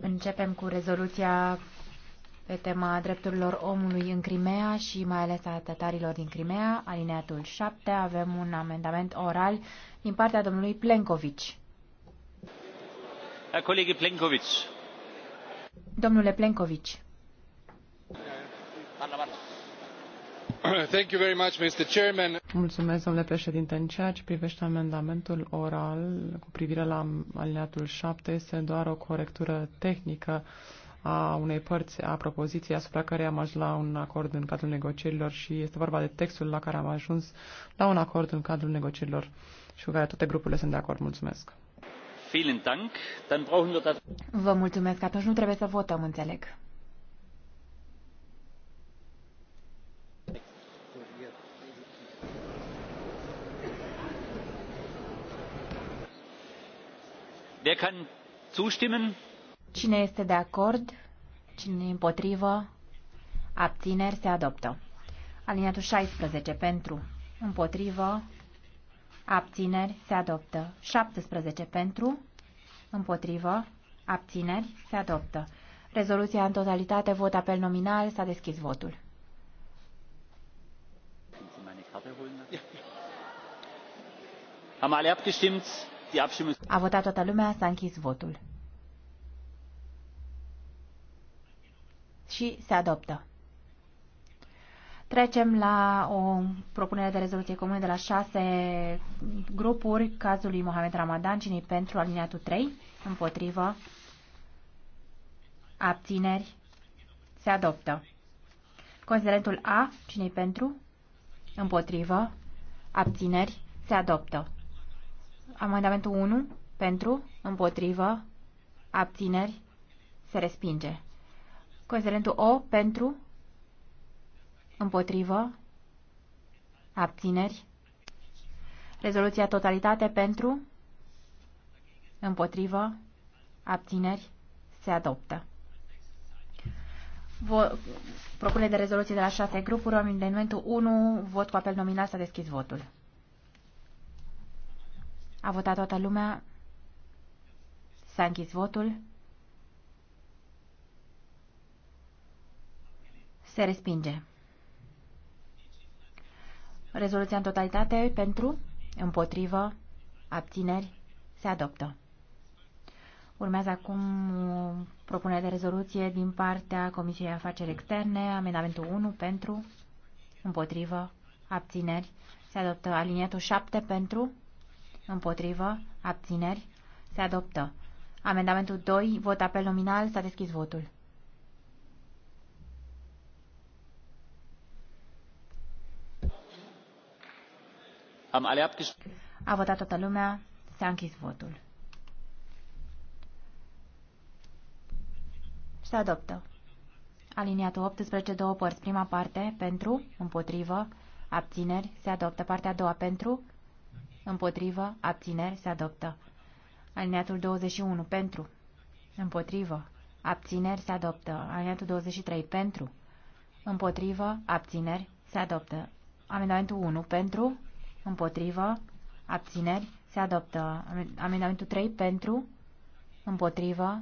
Începem cu rezoluția pe tema drepturilor omului în Crimea și mai ales a tătarilor din Crimea, alineatul 7, avem un amendament oral din partea domnului Plenkovici. Domnule Plenkovici. Mulțumesc, domnule președinte. În ceea ce privește amendamentul oral cu privire la alineatul 7, este doar o corectură tehnică a unei părți a propoziției asupra care am ajuns la un acord în cadrul negocierilor și este vorba de textul la care am ajuns la un acord în cadrul negocierilor și cu care toate grupurile sunt de acord. Mulțumesc. Vă mulțumesc. Atunci nu trebuie să votăm, înțeleg. Wer kann zustimmen? Cine este de acord? Cine împotrivă? Abțineri se adoptă. Aliniatul 16 pentru. Împotrivă. Abțineri se adoptă. 17 pentru. Împotrivă. Abțineri se adoptă. Rezoluția în totalitate, vot apel nominal, s-a deschis votul. Am alea abgestimți. A votat toată lumea, s-a închis votul. Și se adoptă. Trecem la o propunere de rezoluție comună de la șase grupuri, cazul lui Mohamed Ramadan, cine pentru aliniatul 3, împotrivă, abțineri, se adoptă. Considerentul A, cine pentru, împotrivă, abțineri, se adoptă. Amendamentul 1 pentru, împotrivă, abțineri, se respinge. Considerentul O pentru, împotrivă, abțineri. Rezoluția totalitate pentru, împotrivă, abțineri, se adoptă. Vo propunere de rezoluție de la șase grupuri, amendamentul 1, vot cu apel nominal, s-a deschis votul. A votat toată lumea. S-a închis votul. Se respinge. Rezoluția în totalitate pentru, împotrivă, abțineri, se adoptă. Urmează acum propunerea de rezoluție din partea Comisiei Afaceri Externe, amendamentul 1 pentru, împotrivă, abțineri, se adoptă aliniatul 7 pentru, Împotrivă. Abțineri. Se adoptă. Amendamentul 2. Vot apel nominal. S-a deschis votul. Am alea. A votat toată lumea. S-a închis votul. Se adoptă. Aliniatul 18, două părți. Prima parte, pentru, împotrivă, abțineri. Se adoptă partea a doua, pentru, Împotrivă. Abțineri. Se adoptă. Alineatul 21. Pentru. Împotrivă. Abțineri. Se adoptă. Alineatul 23. Pentru. Împotrivă. Abțineri. Se adoptă. Amendamentul 1. Pentru. Împotrivă. Abțineri. Se adoptă. Amendamentul 3. Pentru. Împotrivă.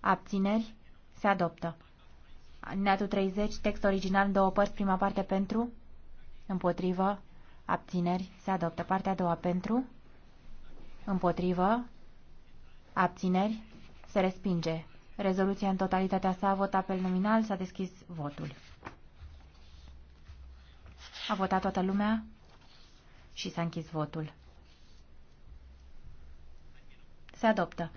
Abțineri. Se adoptă. Alineatul 30. Text original. Două părți. Prima parte pentru. Împotrivă. Abțineri. Se adoptă. Partea a doua pentru. Împotrivă. Abțineri. Se respinge. Rezoluția în totalitatea sa, votat apel nominal, s-a deschis votul. A votat toată lumea și s-a închis votul. Se adoptă.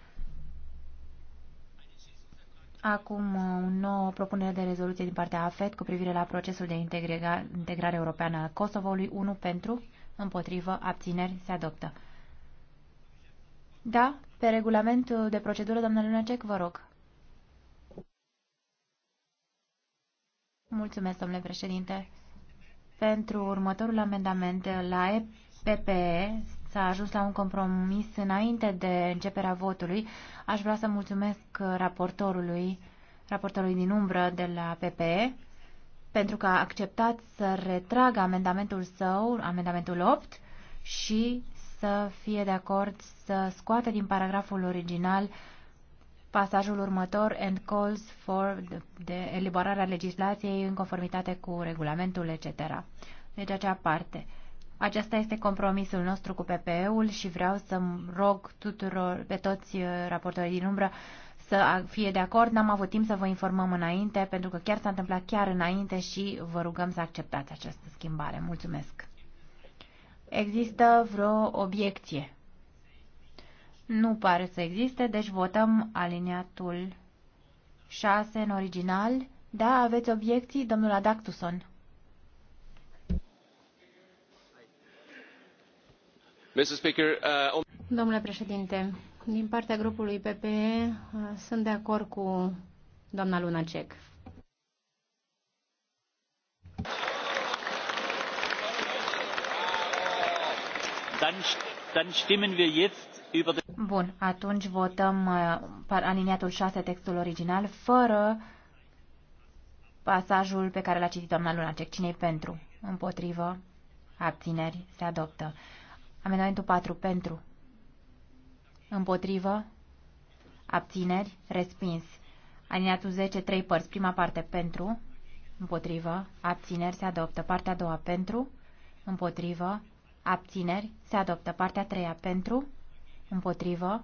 Acum o uh, nouă propunere de rezoluție din partea AFET cu privire la procesul de integrare, integrare europeană al Kosovo-ului. 1 pentru, împotrivă, abțineri, se adoptă. Da, pe regulamentul de procedură, doamna Lunacek, vă rog. Mulțumesc, domnule președinte. Pentru următorul amendament la EPPE, s-a ajuns la un compromis înainte de începerea votului. Aș vrea să mulțumesc raportorului, raportorului din umbră de la PPE pentru că a acceptat să retragă amendamentul său, amendamentul 8, și să fie de acord să scoată din paragraful original pasajul următor and calls for de eliberarea legislației în conformitate cu regulamentul, etc. Deci acea parte. Acesta este compromisul nostru cu PPE-ul și vreau să rog tuturor, pe toți uh, raportorii din umbră să fie de acord. N-am avut timp să vă informăm înainte, pentru că chiar s-a întâmplat chiar înainte și vă rugăm să acceptați această schimbare. Mulțumesc! Există vreo obiecție? Nu pare să existe, deci votăm aliniatul 6 în original. Da, aveți obiecții, domnul Adactuson? Uh, Domnule președinte, din partea grupului PPE uh, sunt de acord cu doamna Lunacek. Bun, atunci votăm uh, aliniatul 6, textul original, fără pasajul pe care l-a citit doamna Lunacek. Cine-i pentru? Împotrivă? Abțineri? Se adoptă. Amendamentul 4 pentru. Împotrivă. Abțineri. Respins. Aliniatul 10, 3 părți. Prima parte pentru. Împotrivă. Abțineri. Se adoptă. Partea a doua pentru. Împotrivă. Abțineri. Se adoptă. Partea a treia pentru. Împotrivă.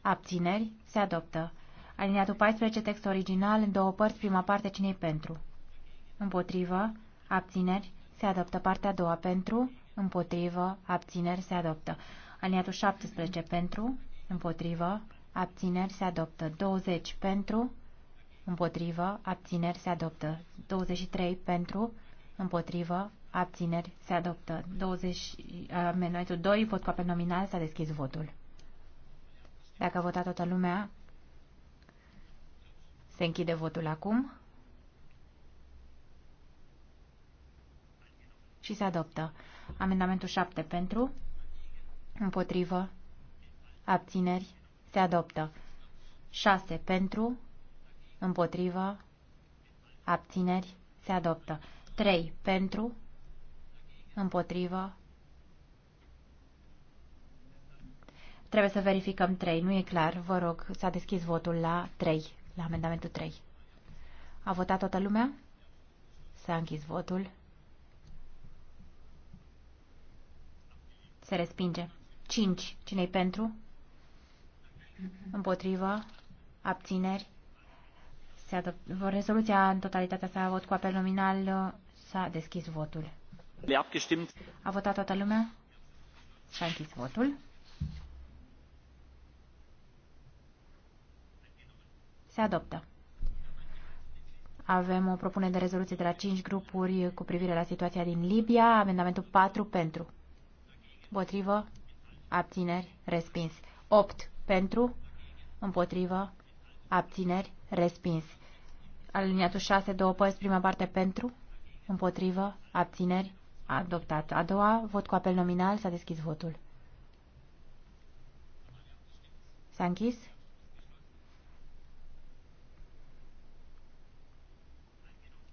Abțineri. Se adoptă. Aliniatul 14, text original, în două părți, prima parte, cine pentru? Împotrivă. Abțineri. Se adoptă partea a doua pentru împotrivă, abțineri se adoptă. Aliniatul 17 pentru, împotrivă, abțineri se adoptă. 20 pentru, împotrivă, abțineri se adoptă. 23 pentru, împotrivă, abțineri se adoptă. 20, uh, 2, vot cu apel nominal, s-a deschis votul. Dacă a votat toată lumea, se închide votul acum. și se adoptă. Amendamentul 7 pentru, împotrivă, abțineri, se adoptă. 6 pentru, împotrivă, abțineri, se adoptă. 3 pentru, împotrivă, Trebuie să verificăm 3, nu e clar. Vă rog, s-a deschis votul la 3, la amendamentul 3. A votat toată lumea? S-a închis votul. Se respinge. 5. Cine-i pentru? Împotrivă. Abțineri. Se adoptă. Rezoluția în totalitatea s-a avut cu apel nominal. S-a deschis votul. A votat toată lumea? S-a închis votul. Se adoptă. Avem o propunere de rezoluție de la 5 grupuri cu privire la situația din Libia. Amendamentul 4 pentru împotrivă, abțineri, respins. 8 pentru, împotrivă, abțineri, respins. Aliniatul 6, două părți, prima parte pentru, împotrivă, abțineri, adoptat. A doua, vot cu apel nominal, s-a deschis votul. S-a închis?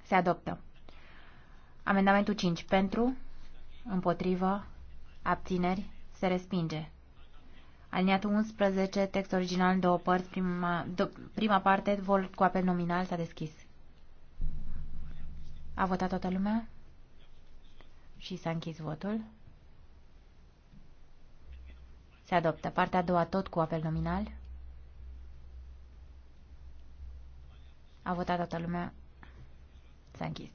Se adoptă. Amendamentul 5. Pentru, împotrivă, Abțineri. Se respinge. Aliniatul 11, text original în două părți, prima, do, prima parte, vol cu apel nominal, s-a deschis. A votat toată lumea? Și s-a închis votul. Se adoptă. Partea a doua, tot cu apel nominal. A votat toată lumea. S-a închis.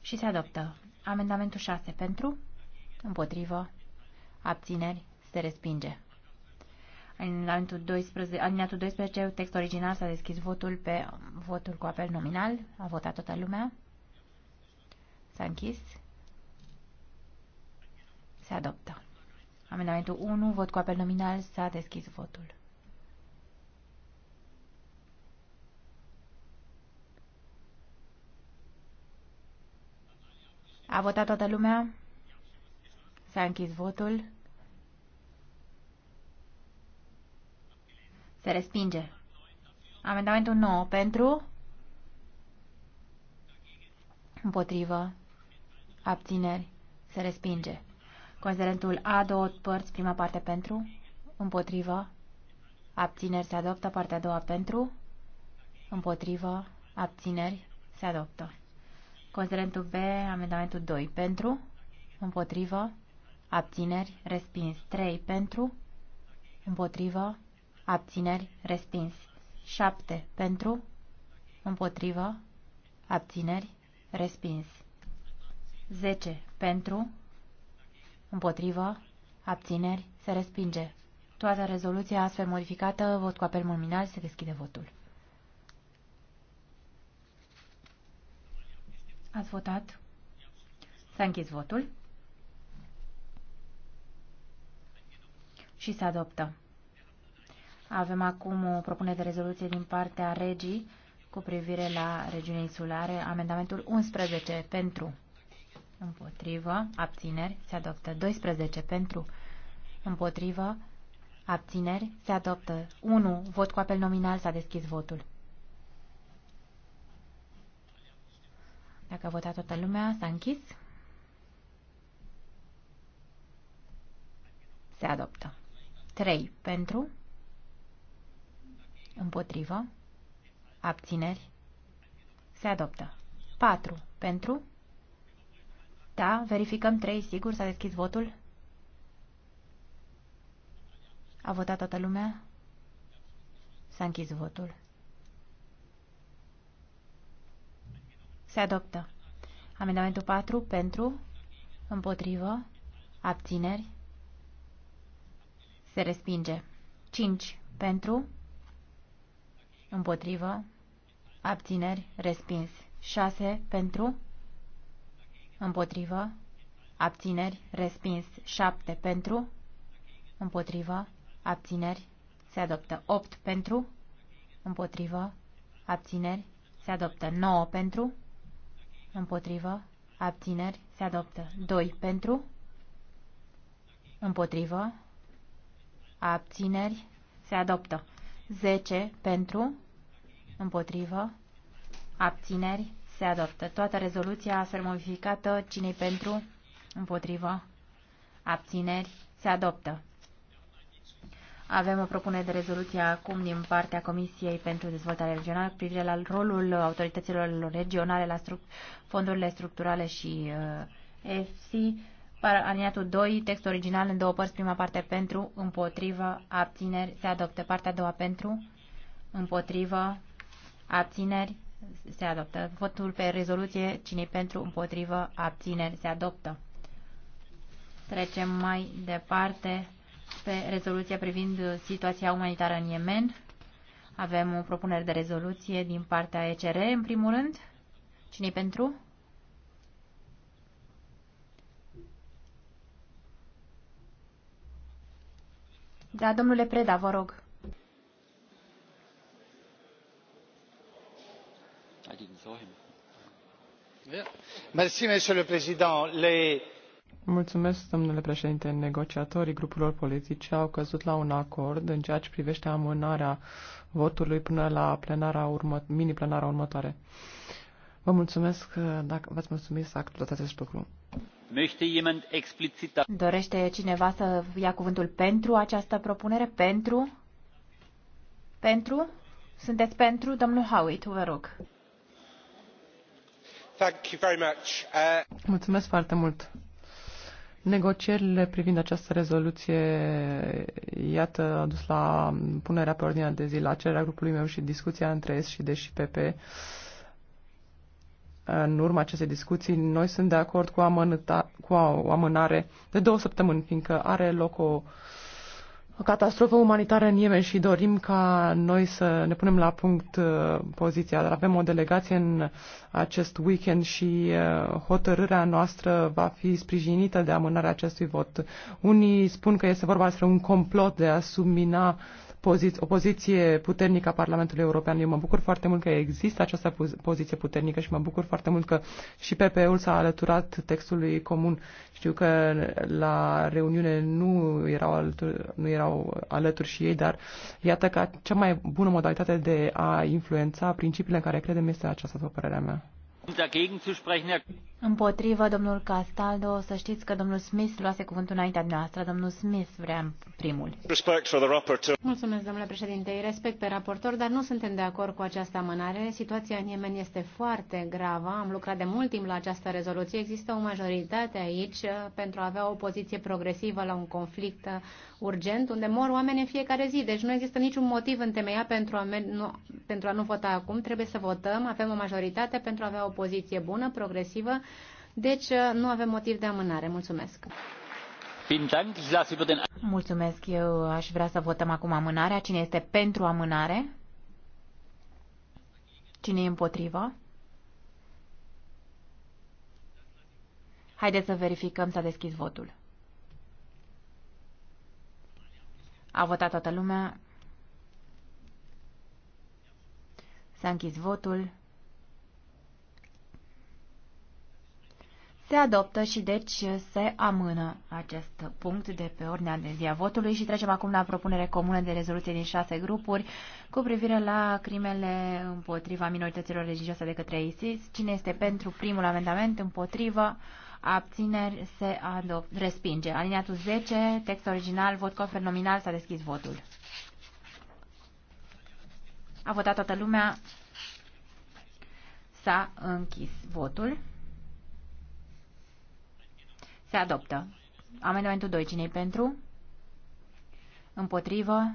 Și se adoptă. Amendamentul 6 pentru, împotrivă, abțineri, se respinge. Alineatul 12, alineatul 12, text original, s-a deschis votul pe votul cu apel nominal. A votat toată lumea. S-a închis. Se adoptă. Amendamentul 1, vot cu apel nominal, s-a deschis votul. A votat toată lumea? S-a închis votul. Se respinge. Amendamentul 9 pentru. Împotrivă. Abțineri. Se respinge. Considerentul A, două părți, prima parte pentru. Împotrivă. Abțineri se adoptă, partea a doua pentru. Împotrivă. Abțineri se adoptă. Considerentul B, amendamentul 2 pentru, împotrivă, abțineri, respins. 3 pentru, împotrivă, abțineri, respins. 7 pentru, împotrivă, abțineri, respins. 10 pentru, împotrivă, abțineri, se respinge. Toată rezoluția astfel modificată, vot cu apel nominal, se deschide votul. Ați votat? S-a închis votul. Și se adoptă. Avem acum o propunere de rezoluție din partea regii cu privire la regiunea insulare. Amendamentul 11 pentru împotrivă, abțineri, se adoptă 12 pentru împotrivă, abțineri, se adoptă 1. Vot cu apel nominal s-a deschis votul. Dacă a votat toată lumea, s-a închis. Se adoptă. 3. Pentru. Împotrivă. Abțineri. Se adoptă. 4. Pentru. Da, verificăm 3, sigur, s-a deschis votul. A votat toată lumea? S-a închis votul. Se adoptă. Amendamentul 4 pentru, împotrivă, abțineri, se respinge. 5 pentru, împotrivă, abțineri, respins. 6 pentru, împotrivă, abțineri, respins. 7 pentru, împotrivă, abțineri, se adoptă. 8 pentru, împotrivă, abțineri, se adoptă. 9 pentru, Împotrivă. Abțineri. Se adoptă. 2. Pentru. Împotrivă. Abțineri. Se adoptă. 10. Pentru. Împotrivă. Abțineri. Se adoptă. Toată rezoluția astfel modificată. Cine-i pentru? Împotrivă. Abțineri. Se adoptă. Avem o propunere de rezoluție acum din partea Comisiei pentru Dezvoltare Regională cu privire la rolul autorităților regionale la stru- fondurile structurale și uh, EFSI. Aliniatul 2, text original în două părți, prima parte pentru, împotrivă, abțineri, se adoptă. Partea a doua pentru, împotrivă, abțineri, se adoptă. Votul pe rezoluție, cine pentru, împotrivă, abțineri, se adoptă. Trecem mai departe pe rezoluția privind situația umanitară în Yemen. Avem o propunere de rezoluție din partea ECR, în primul rând. Cine-i pentru? Da, domnule Preda, vă rog. Mulțumesc, domnule președinte. Mulțumesc, domnule președinte. Negociatorii grupurilor politice au căzut la un acord în ceea ce privește amânarea votului până la plenara urmă, mini-plenara următoare. Vă mulțumesc uh, dacă v-ați mulțumit să acceptați acest lucru. Da- Dorește cineva să ia cuvântul pentru această propunere? Pentru? Pentru? Sunteți pentru? Domnul Howitt, vă rog. Uh, mulțumesc foarte mult. Negocierile privind această rezoluție, iată, a dus la punerea pe ordinea de zi, la cererea grupului meu și discuția între S și D și PP. În urma acestei discuții, noi sunt de acord cu, amânta, cu o amânare de două săptămâni, fiindcă are loc o catastrofă umanitară în Yemen și dorim ca noi să ne punem la punct uh, poziția, dar avem o delegație în acest weekend și uh, hotărârea noastră va fi sprijinită de amânarea acestui vot. Unii spun că este vorba despre un complot de a submina uh, poziție, o poziție puternică a Parlamentului European. Eu mă bucur foarte mult că există această poziție puternică și mă bucur foarte mult că și PPE-ul s-a alăturat textului comun. Știu că la reuniune nu erau, alături, nu erau alături și ei, dar iată că cea mai bună modalitate de a influența principiile în care credem este aceasta, după părerea mea. Um Împotrivă, domnul Castaldo, să știți că domnul Smith luase cuvântul înaintea noastră. Domnul Smith vrea primul. Mulțumesc, domnule președinte. respect pe raportor, dar nu suntem de acord cu această amânare. Situația în Yemen este foarte gravă. Am lucrat de mult timp la această rezoluție. Există o majoritate aici uh, pentru a avea o poziție progresivă la un conflict uh, urgent, unde mor oameni în fiecare zi. Deci nu există niciun motiv întemeiat pentru a, nu, pentru a nu vota acum. Trebuie să votăm. Avem o majoritate pentru a avea o poziție bună, progresivă, deci uh, nu avem motiv de amânare. Mulțumesc! Mulțumesc. Eu aș vrea să votăm acum amânarea. Cine este pentru amânare? Cine e împotriva? Haideți să verificăm. S-a deschis votul. A votat toată lumea. S-a închis votul. Se adoptă și deci se amână acest punct de pe ordinea de zi a votului și trecem acum la propunere comună de rezoluție din șase grupuri cu privire la crimele împotriva minorităților religioase de către ISIS. Cine este pentru primul amendament împotrivă? Abțineri se adopt, respinge. Aliniatul 10, text original, vot confer nominal, s-a deschis votul. A votat toată lumea. S-a închis votul. Se adoptă. Amendamentul 2. Cine-i pentru? Împotrivă?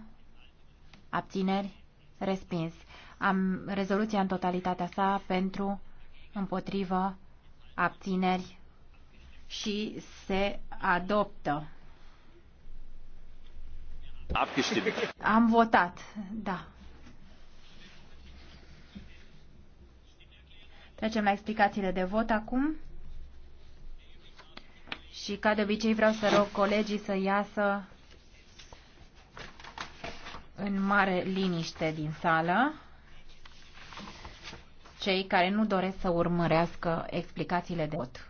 Abțineri? Respins. Am rezoluția în totalitatea sa pentru, împotrivă, abțineri și se adoptă. Am votat, da. Trecem la explicațiile de vot acum. Și ca de obicei vreau să rog colegii să iasă în mare liniște din sală. Cei care nu doresc să urmărească explicațiile de vot.